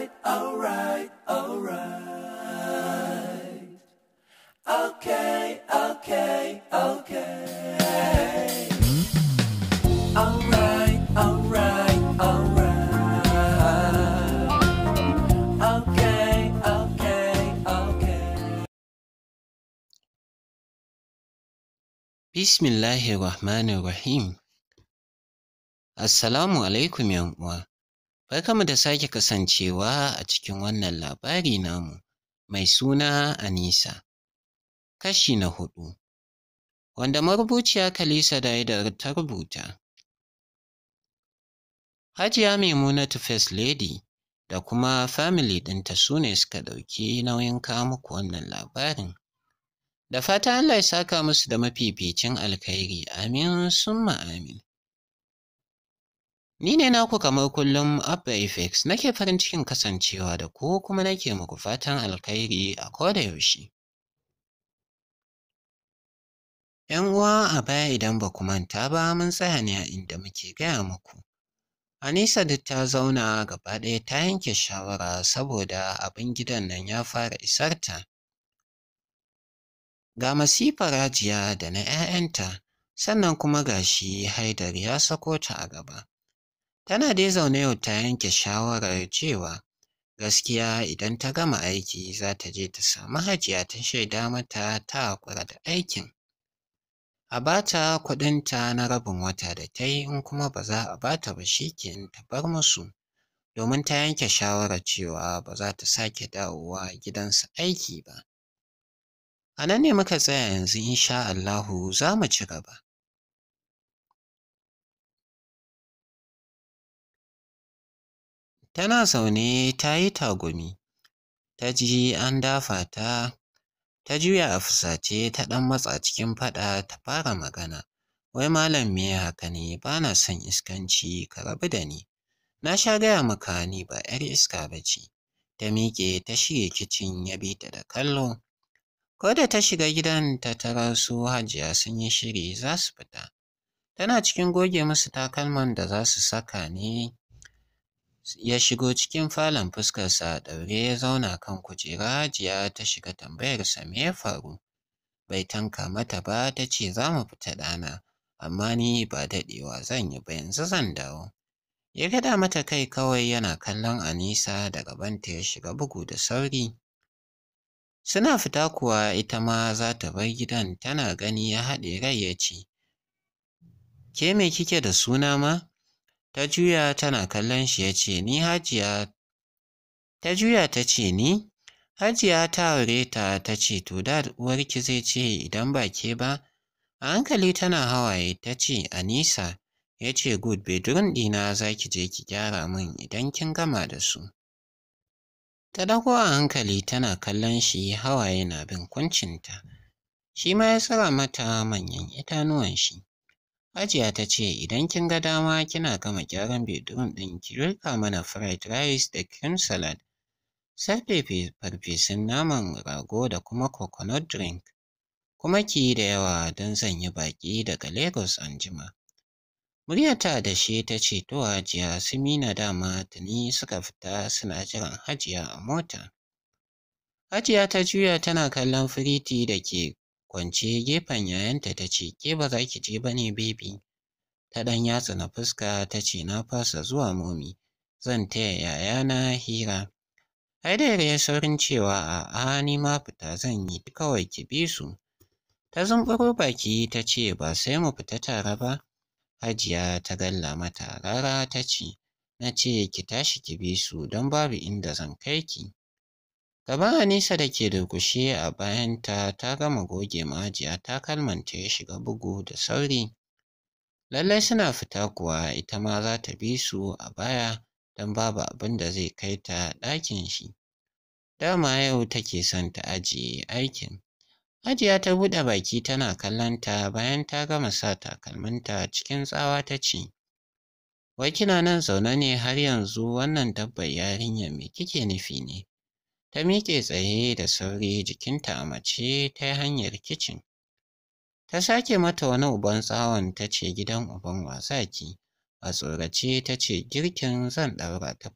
right, all right, all right. Okay, okay, okay. Bismillahir Rahmanir Rahim. Assalamu alaikum uwa. Barkanmu da sake kasancewa a cikin wannan labari namu mai suna Anisa, kashi na hudu. wanda marubuciya Kalisa Daidar ta rubuta. Hajiya ta First Lady da kuma family ɗinta su ne suka ɗauki nauyin kawo wannan labarin. Da fata Allah ya saka musu da mafificin alkhairi, amin summa amin. Ni ne naku kamar kullum Abba Effects nake farin cikin kasancewa da ku kuma nake muku fatan alkhairi a koda yaushe. ‘Yan uwa a baya idan ba ku manta ba mun tsaya ne a inda muke gaya muku. Anisa duk ta zauna gaba ɗaya ta yanke shawara saboda abin gidan nan ya fara isar ta. Ga masifar rajiya da na ‘ya'yanta sannan kuma ga shi Haidar ya sako ta a gaba. Tana dai zaune yau ta yanke shawarar cewa gaskiya idan ta gama aiki za ta je ta samu Hajiya ta shaida mata ta haƙura da aikin. A ba ta kuɗinta na rabin wata da ta yi in kuma ba za a ba ta ba shi ta bar musu. Domin ta yanke shawarar cewa ba za ta sake dawowa gidansu aiki ba. A nan ne muka tsaya yanzu insha Allahu za mu ci gaba. Tana zaune ta yi tagumi, ta ji an dafa ta, ta juya a fusace ta ɗan matsa cikin faɗa ta fara magana. Wai malam me haka ne ba na son iskanci ka rabu da ni. Na sha gaya maka ni ba 'yar iska ba ce. Ta miƙe ta shige kicin ya bi ta da kallo. Ko da ta shiga gidan ta tara su hajiya sun yi shiri za su fita. Tana cikin goge musu takalman da za su saka ne ya shigo cikin falon fuskarsa a ɗaure ya zauna kan kujera jiya ta shiga tambayarsa me ya faru bai tanka mata ba ta ce za mu fita ɗana amma ni ba daɗewa zan yi ba yanzu zan dawo ya gada mata kai kawai yana kallon anisa da gabanta ya shiga bugu da sauri suna fita kuwa ita ma za ta bar gidan tana gani ya haɗe rai ya ce ke me kike da suna ma Ta juya tana kallon shi ya ce ni hajiya ta juya ta ce ni hajiya ta aure ta ta ce to da uwarki zai ce idan ba ke ba a hankali tana hawaye ta ce anisa ya ce good durin ɗina za ki je ki gyara min idan kin gama da su ta ɗago a hankali tana kallon shi hawaye na bin kuncinta shi ma ya tsira mata manyan itanuwan shi Hajiya ta ce idan kin ga dama kina gama gyaran bedroom ɗin ki rika mana fried rice da cream salad. Sai farfesun naman rago da kuma coconut drink. Kuma ki yi da yawa don zan yi baƙi daga Lagos anjima. Muryata da shi ta ce to Hajiya Simina dama tuni suka fita suna jiran Hajiya a mota. Hajiya ta juya tana kallon firiti da ke kwance gefen yayanta ta ce ke ba za ki je ba ne bebi ta ɗan yatsa na fuska ta ce na fasa zuwa momi zan taya na hira Haidar ya saurin cewa a'a ni ma fita zan yi kawai ki bi su ta zumburo baki ta ce ba sai mu fita tare ba Hajiya ta galla mata rara ta ce na ce ki tashi ki bi su don babu inda zan kai ki Gaban hanisa da ke da durƙushe a bayanta ta gama goge majiya ta kalmanta ya shiga bugu da sauri. Lallai suna fita kuwa ita ma za ta bi su a baya don babu abin da zai kai ta ɗakin shi. Dama yau take son ta ajiye aikin. Ajiya ta buɗe baki tana kallon ta bayan ta gama sa takalminta cikin tsawa ta ce, Wai kina nan zaune ne har yanzu wannan dabbar yarinya me kike nufi ne? ta miƙe tsaye da sauri jikinta a mace ta hanyar kicin. Ta sake mata wani uban tsawon ta ce gidan uban wasa ki, a tsorace ta ce girkin zan ɗaura ta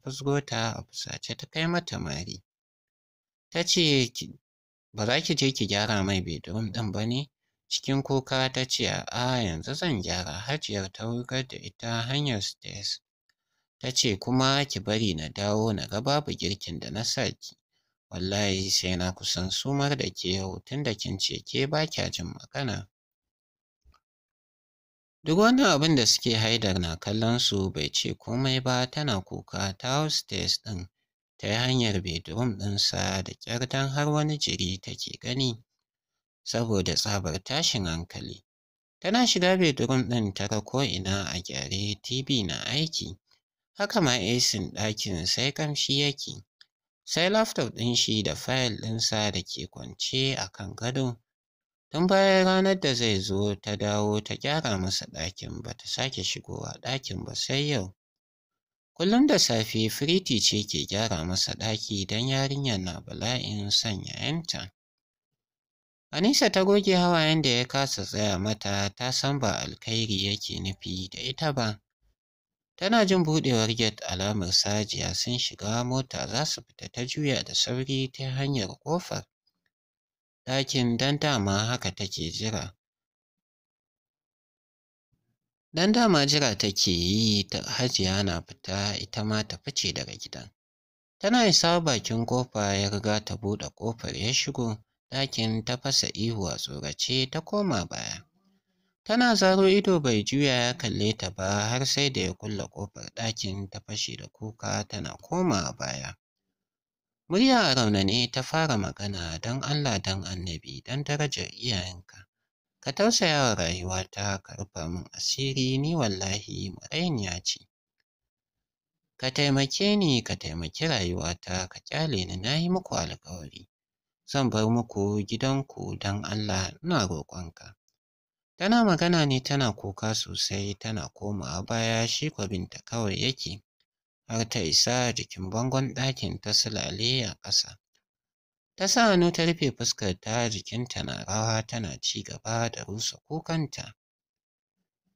ta a fusace ta kai mata mari. Ta ce ba za ki je ki gyara mai bedroom ɗin ba ne? Cikin kuka ta ce a, yanzu zan gyara hajiyar ta wurgar da ita hanyar stairs. Ta ce kuma ki bari na dawo na ga babu girkin da na sa ki. wallahi sai na kusan sumar da ke yau tun da kin ce ke ba kya jin magana duk wani abin da suke haidar na kallon su bai ce komai ba tana kuka ta hostess ɗin ta yi hanyar bedroom ɗinsa da kyar don har wani jiri take gani saboda tsabar tashin hankali tana shiga bedroom ɗin tara ina a gyare tv na aiki haka ma esin ɗakin sai ƙamshi yake sai laptop ɗin shi da fayil ɗinsa da ke kwance a kan gado. Tun bayan ranar da zai zo ta dawo ta gyara masa ɗakin ba ta sake shigowa ɗakin ba sai yau. Kullum da safe Firiti ce ke gyara masa ɗaki don yarinya na bala'in son 'ya'yanta. Anisa ta goge hawayen da ya kasa tsaya mata ta san ba alkhairi yake nufi da ita ba. Tana jin buɗewar get alamar sajiya sun shiga mota za su fita ta juya da sauri ta hanyar ƙofar ɗakin don dama haka take jira. Don dama jira take yi hajiya na fita ita ma ta fice daga gidan. Tana isa bakin ƙofa ya riga ta buɗe ƙofar ya shigo ɗakin ta fasa ihu a tsorace ta koma baya. Tana zaro ido bai juya ya kalle ta ba har sai da ya kulle ƙofar ɗakin ta fashe da kuka tana koma baya. Murya a raunane ta fara magana don Allah don annabi don darajar iyayenka. Ka tausaya wa rayuwata ka rufa min asiri ni wallahi ya ce. Ka taimake ni ka taimaki rayuwata ka kyale ni na yi muku alkawari. Zan bar muku gidanku don Allah na roƙonka. Tana magana ne tana kuka sosai tana komawa baya shi kwa binta kawai yake har ta isa jikin bangon ɗakin ta sulale a ƙasa. Ta sa hannu ta rufe fuskarta jikinta na rawa tana ci gaba da rusa kukanta.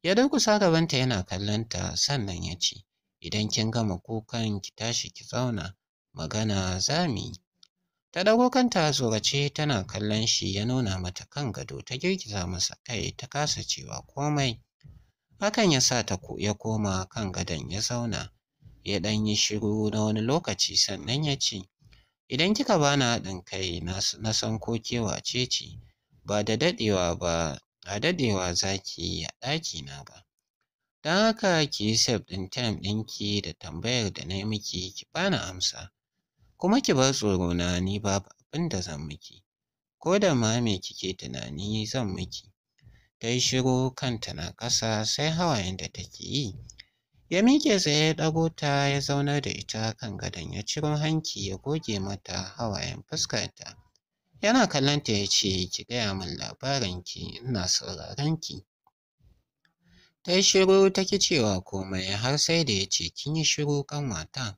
Ya durƙusa gabanta yana kallonta sannan ya ce, Idan kin gama kukan ki tashi ki zauna, magana za mu yi. Ta dago kanta tsorace tana kallon shi ya nuna mata kan gado ta girgiza masa kai ta kasa cewa komai. Hakan ya sa ta ya koma kan gadon ya zauna. Ya ɗan yi shiru na wani lokaci sannan ya ce, Idan kika bani haɗin kai na san ko kewa ce ce, ba da daɗewa ba, a daɗewa za ki yi a ɗaki na ba. Don haka ki yi sef ɗin tem ɗinki da tambayar da na miki ki bani amsa. kuma ki bar tsoro na ni babu abin da zan miki ko da ma me kike tunani zan miki ta yi shiru kanta na ƙasa sai hawayen da take yi ya miƙe tsaye ya ɗago ta ya zaunar da ita kan gadon ya ciro hanki ya goge mata hawayen fuskarta yana kallonta ya ce ki gaya min ki, ina sauraron ki ta yi shiru ta ki cewa komai har sai da ya ce kin yi shiru kanwata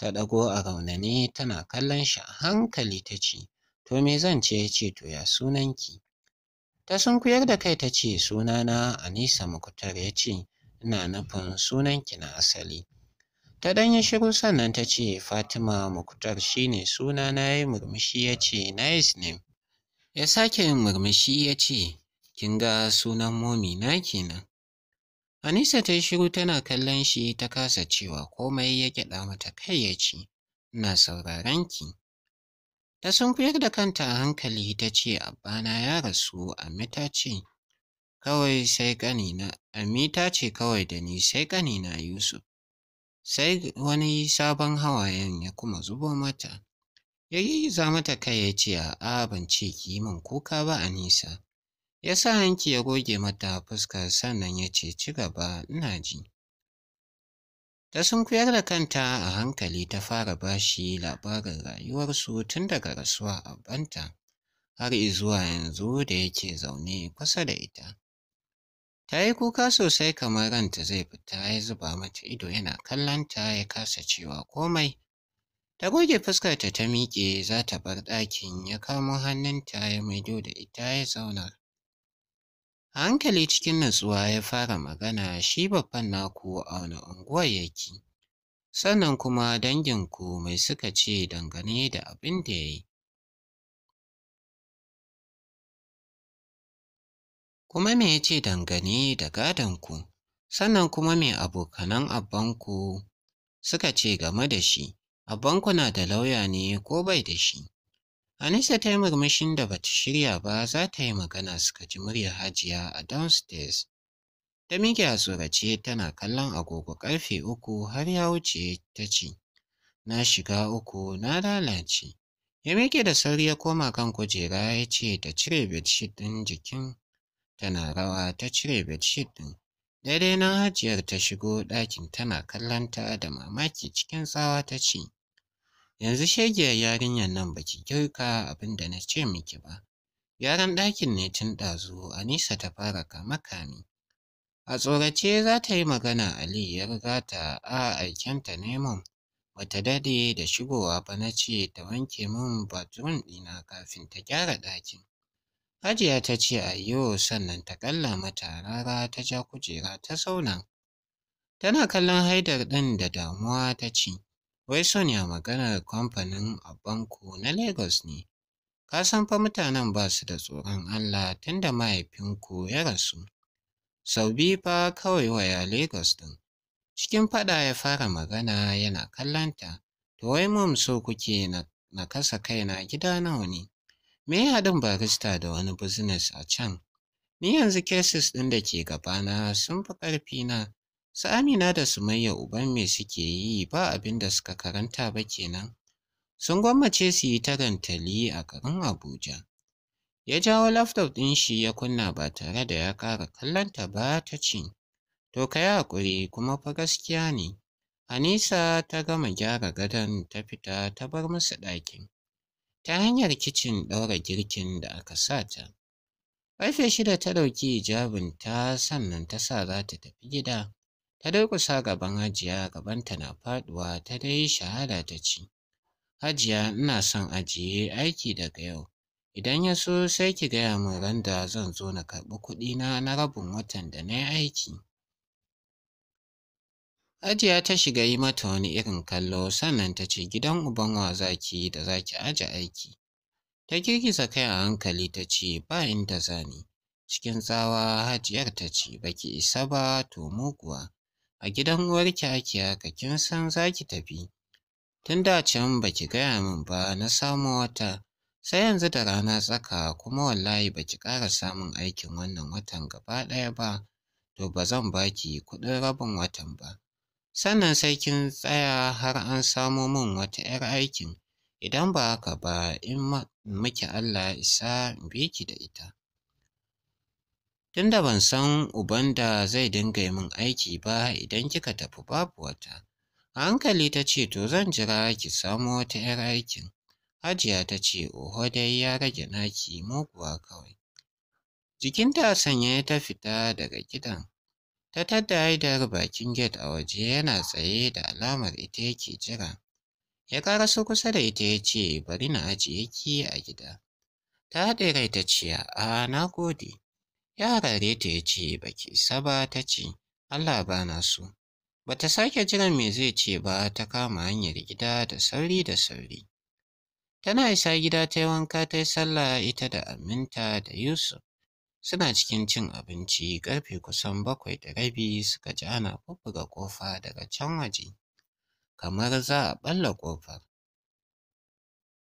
Ta ɗago a raunane tana kallon shi a hankali ta ce, To me zan ce ya ce to ya sunanki? Ta sunkuyar da kai ta ce sunana Anisa Mukutar ya ce, Ina nufin sunanki na asali. Ta ɗanyi shiru sannan ta ce Fatima Mukutar ne sunana na yi murmushi ya ce nice name. Ya sake yin murmushi ya ce kin ga sunan momi na kenan. Anisa ta yi shiru tana kallon shi ta kasa cewa komai ya gyaɗa mata kai ya ce, Ina sauraron ki. Ta sunkuyar da kanta a hankali ta ce, Abbana ya rasu, Ami ta ce, kawai sai ƙanina, Ami ta ce kawai da ni sai ƙanina Yusuf. Sai wani sabon hawayen ya kuma zubo mata. Ya yi za mata kai ya ce, A'a ban ce ki yi min kuka ba Anisa. ya sa hanki ya goge mata fuska sannan ya ce ci gaba ina ji ta sunkuyar da kanta a hankali ta fara bashi labarin rayuwarsu tun daga rasuwa a banta har izuwa yanzu da yake zaune kusa da ita ta yi kuka sosai kamar ranta zai fita ya zuba mata ido yana kallonta ya kasa cewa komai ta goge fuskarta ta miƙe za ta bar ɗakin ya kamo hannunta ya maido da ita ya zauna A hankali cikin natsuwa ya fara magana shi babban naku a wani unguwar yake. Sannan kuma danginku mai suka ce dangane da abin da ya yi. Kuma me ya ce dangane da gadonku? Sannan kuma me abokanan abbanku suka ce game da shi? Abbanku na da lauya ne ko bai da shi? Anisa ta yi murmushin da bata shirya ba za ta yi magana suka ji muryar Hajiya a downstairs. Ta miƙe a tsorace tana kallon agogo ƙarfe uku har ya wuce ta ce, Na shiga uku na lalace. Ya miƙe da sauri ya koma kan kujera ya ce ta cire bedsheet ɗin jikin tana rawa ta cire bedsheet ɗin. Daidai na hajiyar ta shigo ɗakin tana kallon ta da mamaki cikin tsawa ta ce, yanzu shegiyar yarinyar nan baki girka abin da na ce miki ba yaran ɗakin ne tun ɗazu anisa ta fara kama kami a tsorace za ta yi magana ali ya riga ta a aikenta neman wata dade da shigowa ba na ce ta wanke min baturin ɗina kafin ta gyara ɗakin hajiya ta ce ayyo sannan ta ƙalla mata rara ta ja kujera ta zauna tana kallon haidar ɗin da damuwa ta ce Wai Sonia maganar kamfanin Abanko na Lagos ne. Ka san fa mutanen ba su da tsoron Allah tunda mahaifinku ya rasu. Sau biyu fa kawai waya Lagos din. Cikin faɗa ya fara magana yana kallanta. To wai mun so kuke na, na kasa kaina gida nawa ne. Me ya haɗin barista da wani business a can? Ni yanzu kesis ɗin da ke gabana sun fi ƙarfi na. Su Amina da Sumayya uban me suke yi ba abin da suka karanta ba kenan. Sun gwammace su yi tarantali a garin Abuja. Ya jawo laptop ɗin shi ya kunna ba tare da ya kara kallonta ba ta ce, To ka yi haƙuri kuma fa gaskiya ne. Anisa ta gama gyara gadon ta fita ta bar musu ɗakin. Ta hanyar kicin ɗaura girkin da aka sa ta. Ƙarfe shida ta ɗauki hijabin ta sannan ta sa za ta tafi gida. ta durƙusa gaban hajiya gabanta na faɗuwa ta dai shahada ta ce, hajiya ina son ajiye aiki daga yau idan ya so sai ki gaya min randa zan zo na karɓi kuɗina na rabin watan da na yi aiki Hajiya ta shiga yi mata wani irin kallo sannan ta ce gidan uban wa zaki da zaki aje aiki. Ta girgiza kai a hankali ta ce ba inda zani. Cikin tsawa Hajiyar ta ce baki isa ba to muguwa. A gidan uwarki ake haka kin san za ki tafi. Tun da can ba ki gaya min ba na samu wata sai yanzu da rana tsaka kuma wallahi ba ki ƙara samun aikin wannan watan gaba ɗaya ba to ba zan ba kuɗin rabin watan ba. Sannan sai kin tsaya har an samo min wata 'yar aikin idan ba haka ba in miki Allah isa in bi ki da ita. da ban san ubanda zai dinga yi min aiki ba idan kika tafi babu wata. A hankali ta ce to zan jira ki samo wata 'yar aikin. Hajiya ta ce oho dai ya rage naki muguwa kawai. Jikinta sanye ta fita daga gidan. Ta tadda haidar bakin gate a waje yana tsaye da alamar ita yake jira. Ya karaso kusa da ita ya ce bari na ajiye ki a gida. Ta haɗe rai ta ce a na gode. Yara rare ta ya ce baki saba ta ce Allah bana na so bata sake jiran me zai ce ba ta kama hanyar gida da sauri da sauri tana isa gida ta yi wanka ta yi sallah ita da aminta da yusuf suna cikin cin abinci karfe kusan bakwai da rabi suka ji ana bubbuga kofa daga can waje kamar za a ɓalla kofar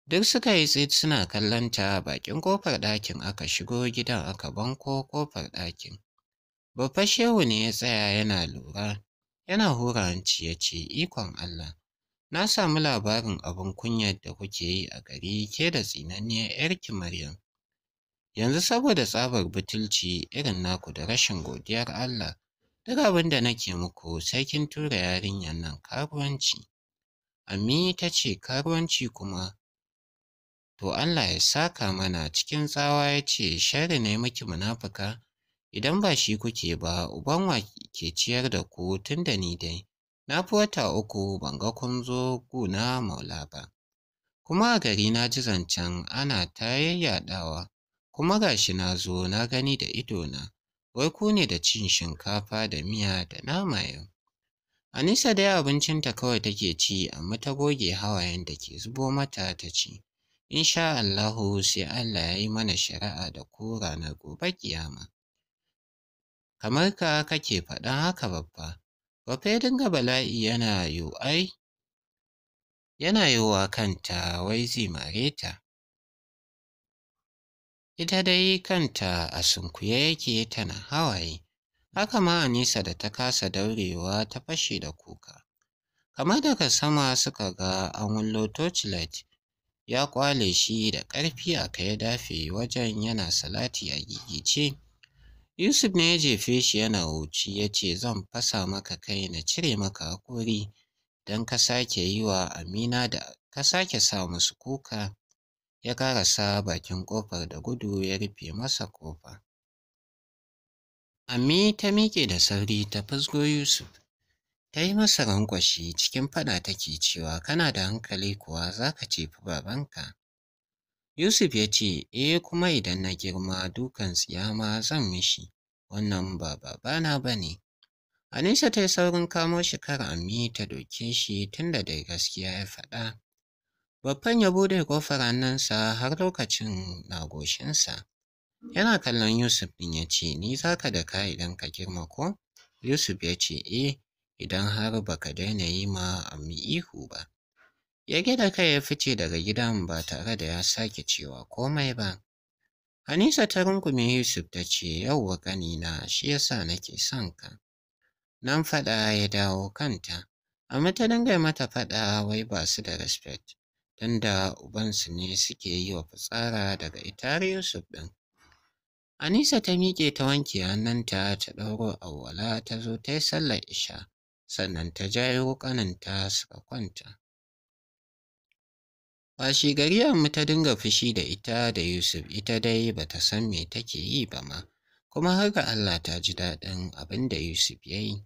Duk suka yi tsit suna kallon ta bakin kofar ɗakin aka shigo gidan aka banko kofar ɗakin. Babba Shehu ne ya tsaya yana lura, yana hura hanci ya ce, Ikon Allah, na samu labarin abin kunyar da kuke yi a gari ke da tsinanniyar ‘yarki Maryam. Yanzu saboda tsabar butulci irin naku da rashin godiyar Allah, duk abin da nake muku sai kin tura yarinyar nan karuwanci. Ami ta ce karuwanci kuma To Allah ya saka mana cikin tsawa ya ce, Shari ne miki munafuka, idan ba shi kuke ba, uban wa ke ciyar da ku tun da ni dai, na fi wata uku ban ga kun zo guna maula ba. Kuma a gari na ji zancen ana ta yayyadawa kuma ga shi na zo na gani da ido na wai ku ne da cin shinkafa da miya da nama yau. Anisa dai abincinta kawai take ci, amma ta goge hawayen da ke zubo mata ta ci. insha Allahu sai Allah ya yi mana shari'a da kura ranar gobe kiyama. Kamar ka kake faɗan haka babba, babba ya dinga bala'i yana yi ai, yana wa kanta wai zai mare ta. Ita dai kanta a sunkuye yake tana hawaye, haka ma a nisa da ta kasa daurewa ta fashe da kuka. Kamar daga sama suka ga an wullo torchlight ya kwale shi da ƙarfi a kai ya dafe wajen yana salati a gigice. Yusuf ne ya jefe shi yana wuci ya ce zan fasa maka kai na cire maka hakori don ka sake yi wa Amina da ka sake sa musu kuka ya karasa bakin ƙofar da gudu ya rufe masa ƙofa. Ami ta miƙe da sauri ta fusgo Yusuf. ta yi masa rankwashi cikin faɗa take cewa kana da hankali kuwa za ka cefi babanka yusuf ya ce eh kuma idan na girma dukan tsiyama zan mishi wannan ba babana ba ne anisa ta yi saurin kamo shi kar ammi ta doke shi tun da gaskiya ya faɗa babban ya buɗe ƙofar hannunsa har lokacin nagoshinsa. yana kallon yusuf ɗin ya ce ni za ka da ka idan ka girma ko yusuf ya ce eh idan har baka daina yi ma ammi ihu ba. Ya gida kai ya fice daga gidan ba tare da ya sake cewa komai ba. Hanisa ta rungume Yusuf ta ce yau yauwa ƙanina shi yasa nake son ka. Nan faɗa ya dawo kanta, amma ta dinga mata faɗa wai ba su da respect, da ubansu ne suke yi wa fitsara daga itar Yusuf ɗin. Anisa ta miƙe ta wanke hannunta ta ɗauro awwala ta zo ta yi sallar isha. sannan ta jayo ƙaninta suka kwanta. Washi gari yamma ta dinga fushi da ita da Yusuf ita dai ba ta san me take yi ba ma, kuma har ga Allah ta ji daɗin abin da Yusuf ya yi.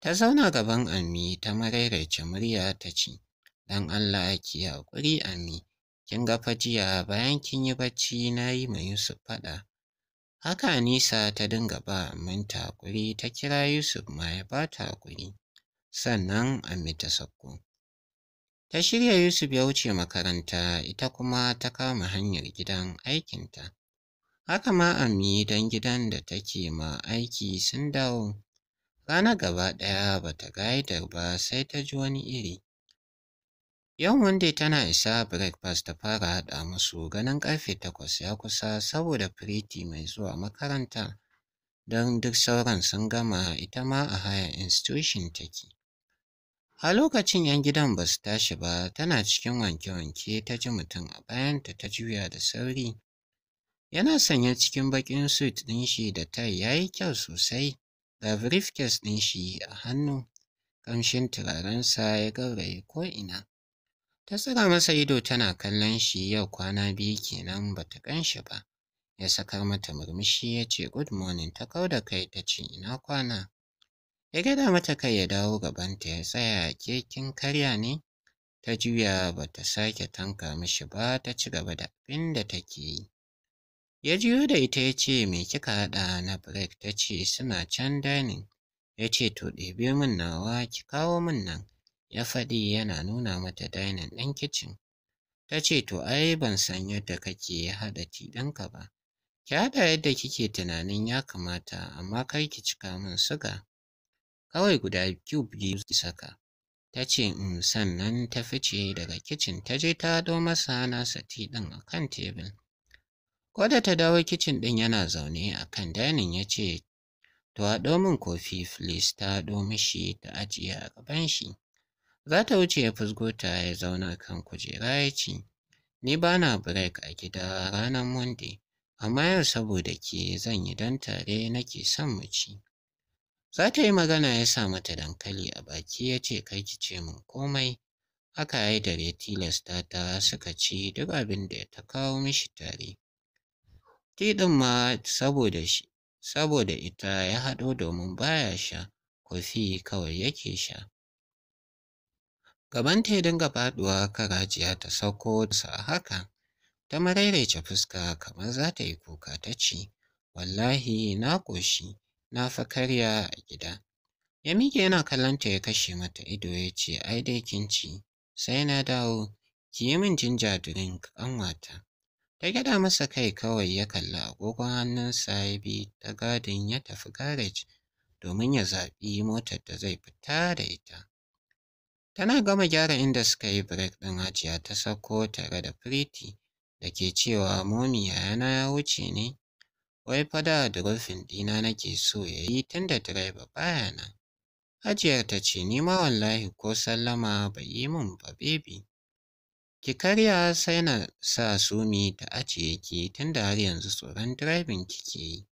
Ta zauna gaban Ami ta maraice murya ta ce, Ɗan Allah ki haƙuri Ami, kin ga fajiya bayan kin yi bacci na yi ma Yusuf faɗa. Haka Nisa ta dinga ba Aminta haƙuri ta kira Yusuf ma ya ba ta haƙuri. sannan amita ta sauko. Ta shirya Yusuf ya wuce makaranta ita kuma ta kama hanyar gidan aikinta. Haka ma ami dan gidan da take ma aiki sun dawo. Rana gaba ɗaya ba ta gaida ba sai ta ji wani iri. Yau wanda tana isa breakfast ta fara haɗa musu ganin ƙarfe takwas ya kusa saboda firiti mai zuwa makaranta. don duk sauran sun gama ita ma a haya institution take. A lokacin 'yan gidan ba su tashi ba, tana cikin wanke-wanke ta ji mutum a bayanta ta juya da sauri. Yana sanya cikin baƙin suit ɗin shi da tai ya yi kyau sosai, da briefcase ɗin shi a hannu, ƙamshin turarensa ya gauraye ko'ina. Ta tsira masa ido tana kallon shi yau kwana biyu kenan ba ta gan shi ba. Ya sakar mata murmushi ya ce good morning ta kau da kai ta ce ina kwana. ya gada mata kai ya dawo gabanta ya tsaya ke kin karya ne ta juya ba ta sake tanka mishi ba ta ci gaba da abin da take yi ya juyo da ita ya ce me kika haɗa na break ta ce suna can dining ya ce to ɗebe min nawa ki kawo min nan ya faɗi yana nuna mata dining ɗin kicin ta ce to ai ban san yadda kake haɗa ti ɗinka ba ki haɗa yadda kike tunanin ya kamata amma kai ki cika min suga kawai guda biyu biyu ki saka ta ce mm, sannan ta fice daga kicin ta je ta hado masa na sati ɗin a kan tebul ko da ta dawo kicin ɗin yana zaune a kan dainin ya ce to haɗo min kofi filis ta haɗo mishi ta ajiye a gaban shi za ta wuce ya fusgo ta ya zauna kan kujera ya ce ni ba na break a gida ranar monday amma yau saboda ke zan yi don tare nake son mu ci Za ta yi magana ya sa mata dankali a baki ya ce kai ki ce min komai. Haka yi dare tilasta ta suka ci duk abin da ta kawo mishi tare. Tiɗin ma saboda ita ya haɗo domin baya sha, kofi kawai yake sha. Gaban ta ya dinga faɗuwa karajiya ta sauko sa haka, ta maraice fuska kamar za ta yi kuka ta ce, Wallahi na ƙoshi. na fa karya a gida. Ya miƙe yana kallonta ya kashe mata ido ya ce, ai dai kin ci, sai na dawo, ki yi min jinja drink ƙanwata. Ta gyada masa kai kawai ya kalli agogon hannunsa ya bi ta gadin ya tafi garage domin ya zaɓi motar da zai fita da ita. Tana gama gyara inda suka yi birek ɗin ajiya ta sauko tare da Firiti da ke cewa momi yayana ya wuce ne. Wai fa da rufin ɗina nake so ya yi tun da direba baya nan. Hajiyar ta ce ni ma wallahi ko sallama bai yi min ba bebi. Ki karya sai na sa sumi ta ajiye ki tun da har yanzu tsoron direbin kike yi.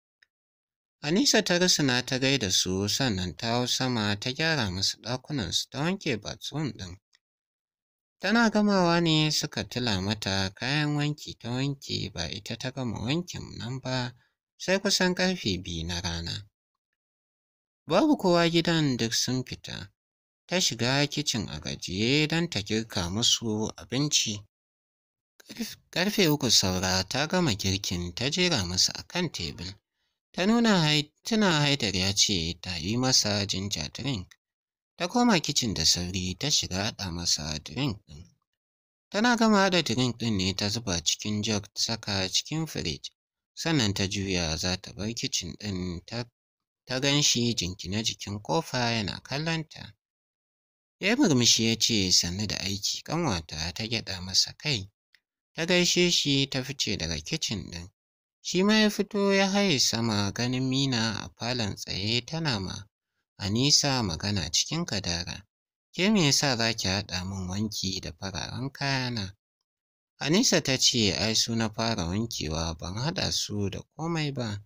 Anisa ta rusuna ta gaida su sannan ta hau sama ta gyara musu ɗakunansu ta wanke bathroom ɗin. Tana gamawa ne suka tila mata kayan wanki ta wanke ba ita ta gama wankin nan ba sai kusan ƙarfe biyu na rana. Babu kowa gidan duk sun fita, ta shiga kicin a gajiye don ta girka musu abinci. Ƙarfe uku saura ta gama girkin ta jera musu a kan tebul. Ta nuna tuna Haidar ya ce ta yi masa jinja drink. Ta koma kicin da sauri ta shiga haɗa masa drink ɗin. Tana gama haɗa drink ɗin ne ta zuba cikin jug saka cikin firij. sannan ta juya za ta bar kicin ɗin ta ta gan shi jinkine jikin kofa yana kallonta. Ya yi murmushi ya ce sannu da aiki ƙanwata ta gyaɗa masa kai, ta gaishe shi ta fice daga kicin ɗin. Shi ma ya fito ya haye sama ganin Mina a falon tsaye tana ma nisa magana cikin kadara. Ke me yasa za ki haɗa min wanki da fararen kayana? Anisa ta ce ai su na fara wankewa ban haɗa su da komai ba.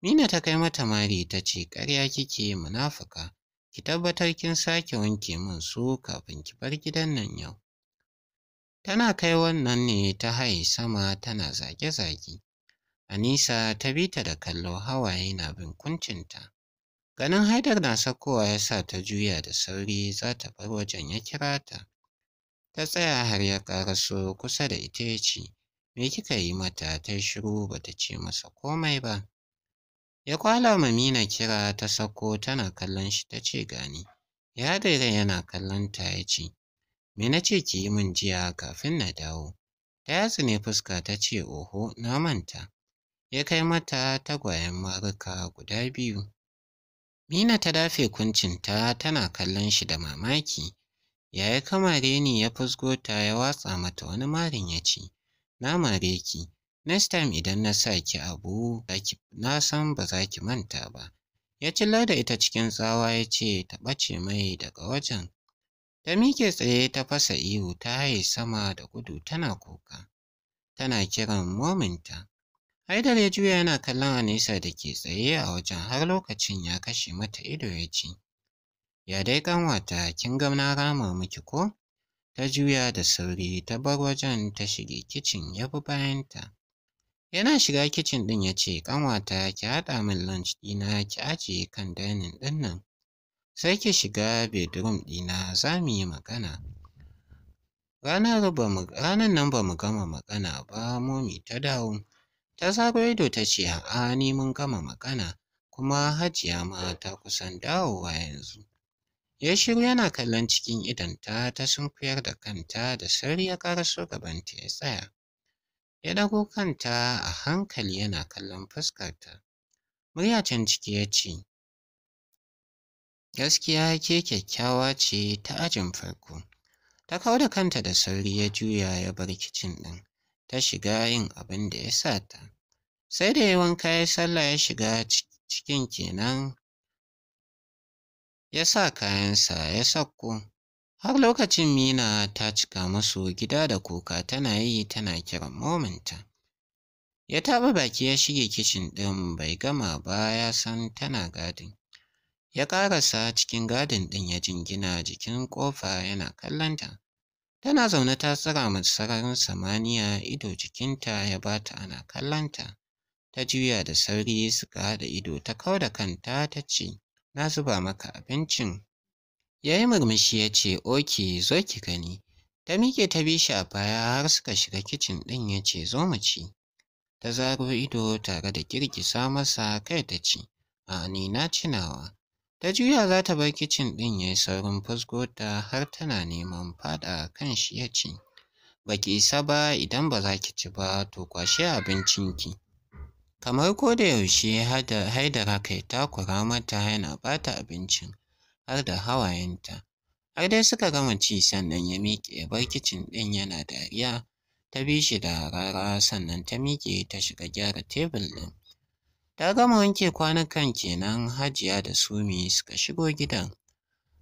Mina ta kai mata mari ta ce ƙarya kike munafuka ki tabbatar kin sake wanke min su kafin ki bar gidan nan yau. Tana kai wannan ne ta haye sama tana zage-zage. Anisa ta bi ta da kallo hawaye na bin kuncinta. Ganin Haidar na sakowa ya sa ta juya da sauri za ta bar wajen ya kira ta. Ta tsaya har ya ƙaraso kusa da ita ya ce, Me kika yi mata ta shiru ba ta ce masa komai ba. Ya kwala ma Mina kira ta sako tana kallon shi ta ce gani. Ya daira yana kallon ta ya ce, Me na ce ki yi min jiya kafin na dawo. Ta yatsu ne fuska ta ce oho na manta. Ya kai mata tagwayen maruka guda biyu. Mina ta dafe kuncinta tana kallon shi da mamaki. Yaya ka mare ni ya fusgo ta ya watsa mata wani marin ya ce, Na mare ki, next time idan na sa ki abu na san ba za ki manta ba. Ya cillar da ita cikin tsawa ya ce ta ɓace mai daga wajen. Ta miƙe tsaye ta fasa ihu ta haye sama da gudu tana kuka. Tana kiran mominta. Haidar ya juya yana kallon Anisa da ke tsaye a wajen har lokacin ya kashe mata ido ya ce, Ya dai ƙanwata kin ga na rama miki ko? Ta juya da sauri ta bar wajen ta shige kicin ya bi bayanta. Yana shiga kicin ɗin ya ce ƙanwata ki haɗa min lunch ɗina ki ajiye kan dining ɗin nan. Sai ki shiga bedroom ɗina za mu yi magana. Ranar nan ba mu gama magana ba momi ta dawo. Ta zaro ido ta ce a'a ni mun gama magana kuma hajiya ma ta kusan dawowa yanzu. Ya shiru yana kallon cikin idonta ta sunkuyar da kanta da sauri ya karaso gabanta ya tsaya. Ya ɗago kanta a hankali yana kallon fuskarta. Murya can ciki ya ce, Gaskiya ke kyakkyawa ce ta ajin farko. Ta kau da kanta da sauri ya juya ya bar kicin ɗin, ta shiga yin abin da ya sa ta. Sai da ya wanka sallah ya shiga cikin kenan ya sa kayansa ya sakko. Har lokacin Mina ta cika musu gida da kuka tana yi tana kiran mominta. Ya taɓa baki ya shige kicin ɗin bai gama ba ya san tana gadin. Ya ƙarasa cikin gadin ɗin ya jingina jikin ƙofa yana kallonta. Tana zaune ta tsira mai sararin samaniya ido jikinta ya bata ana kallonta. Ta juya da sauri suka haɗa ido ta kau da kanta ta ce, na zuba maka abincin. Ya yi murmushi ya ce, Oke, zo ki gani. Ta miƙe ta bi shi a baya har suka shiga kicin ɗin ya ce, Zo mu ci. Ta zaro ido tare da girgisa masa kai ta ci, A ni na cinawa. Ta juya za ta bar kicin ɗin ya yi saurin fusgota har tana neman faɗa kan shi ya ce, Ba ki isa ba idan ba za ki ci ba to kwashe abincinki. Kamar ko da yaushe Haidara kai takura mata yana bata abincin har da hawayenta. Har dai suka gama ci sannan ya miƙe ya bar kicin ɗin yana dariya. Ta bi shi da rara sannan ta miƙe ta shiga gyara tebul ɗin. Ta gama wanke kwanukan kenan Hajiya da Sumi suka shigo gidan.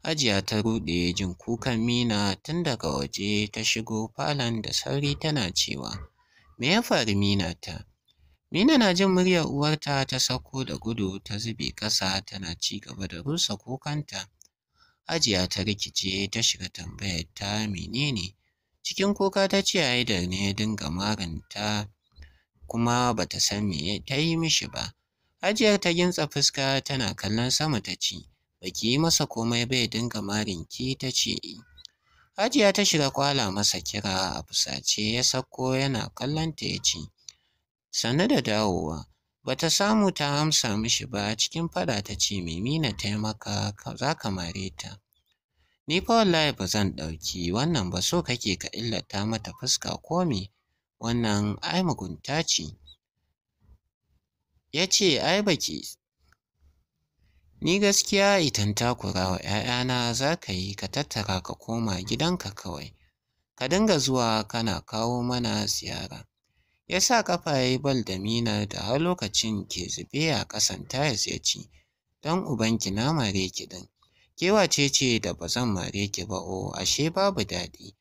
Hajiya ta ruɗe jin kukan Mina tun daga waje ta shigo falon da sauri tana cewa, Me ya faru Mina ta? Mina na jin muryar uwarta ta sauko da gudu ta zube ƙasa tana ci gaba da rusa kukanta. Hajiya ta rikice ta shiga tambayar ta menene cikin kuka ta ce da ne ya dinga maranta kuma bata san me ta yi mishi ba. Hajiyar ta gintsa fuska tana kallon sama ta ce baki yi masa komai ba ya dinga marinki ta ce Hajiya ta shiga kwala masa kira a fusace ya sauko yana kallon ta ya ce sane da dawowa bata samu ta amsa mishi ba cikin faɗa ta ce na taimaka za ka mare ta ni fa wallahi ba zan ɗauki wannan ba so kake ka illata mata fuska ko me wannan ai mugunta ce ya ce ai baki ni gaskiya idan takura wa 'ya'yana za ka yi ka tattara ka koma gidanka kawai ka dinga zuwa kana kawo mana ziyara ya sa ƙafa ya yi bal da mina da har lokacin ke zube a ƙasan tayas ya ce, Don ubanki na mare ki ɗin, ke ce da ba zan mare ki ba o oh, ashe babu daɗi.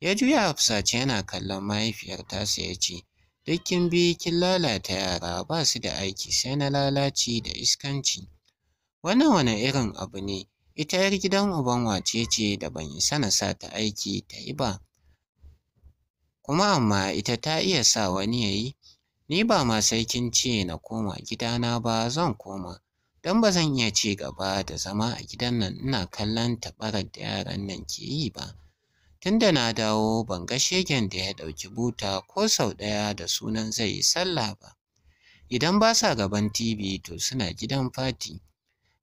Ya juya a fusace yana kallon mahaifiyar tasa ya ce, Duk kin bi kin lalata yara ba su da aiki sai na lalaci da iskanci. Wannan wani irin abu ne, ita 'yar gidan uban wace ce da ban isa na sa ta aiki ta yi ba. kuma amma ita ta iya sa wani ya yi. Ni ba ma sai kin ce na koma gidana ba zan koma, don ba zan iya ci gaba da zama a gidan nan ina kallon taɓarar da yaran nan ke yi ba. Tunda na dawo ban ga shegen da ya ɗauki buta ko sau ɗaya da sunan zai yi sallah ba. Idan ba sa gaban TV to suna gidan fati.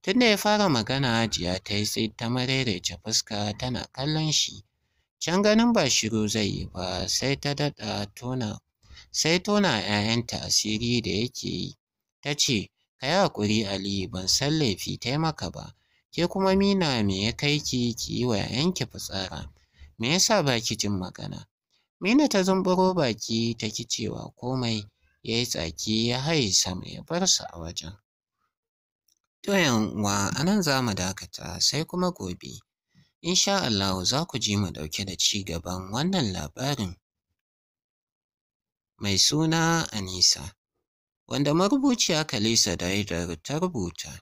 Tunda ya fara magana jiya ta yi sai ta maraice fuska tana kallon shi. Can ganin ba shiru zai yi ba sai ta daɗa tona sai tona ‘ya'yanta asiri da yake yi. Ta ce, ka yi haƙuri Ali ban san laifi taimaka ba, ke kuma Mina me ya kai ki ki yi wa ‘ya'yanki fitsara, me yasa ba ki jin magana? Mina ta zumburo baki ta ki cewa komai ya yi tsaki ya haye sama ya bar su a wajen. To uwa a nan za mu dakata sai kuma gobe. Insha Allah za ku ji mu ɗauki da ci gaban wannan labarin mai suna Anisa, wanda marubuciya Kalisa Daidar ta rubuta.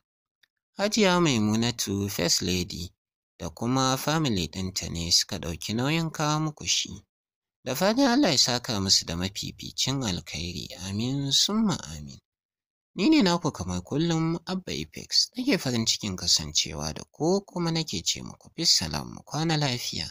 Hajiya Maimunatu First Lady da kuma family ɗinta ne suka ɗauki nauyin kawo muku shi. Da fatan Allah ya saka musu da mafificin alkhairi, amin summa amin. Ni ne naku kamar kullum Abba Apex nake farin cikin kasancewa da ku kuma nake ce muku bisalam mu kwana lafiya.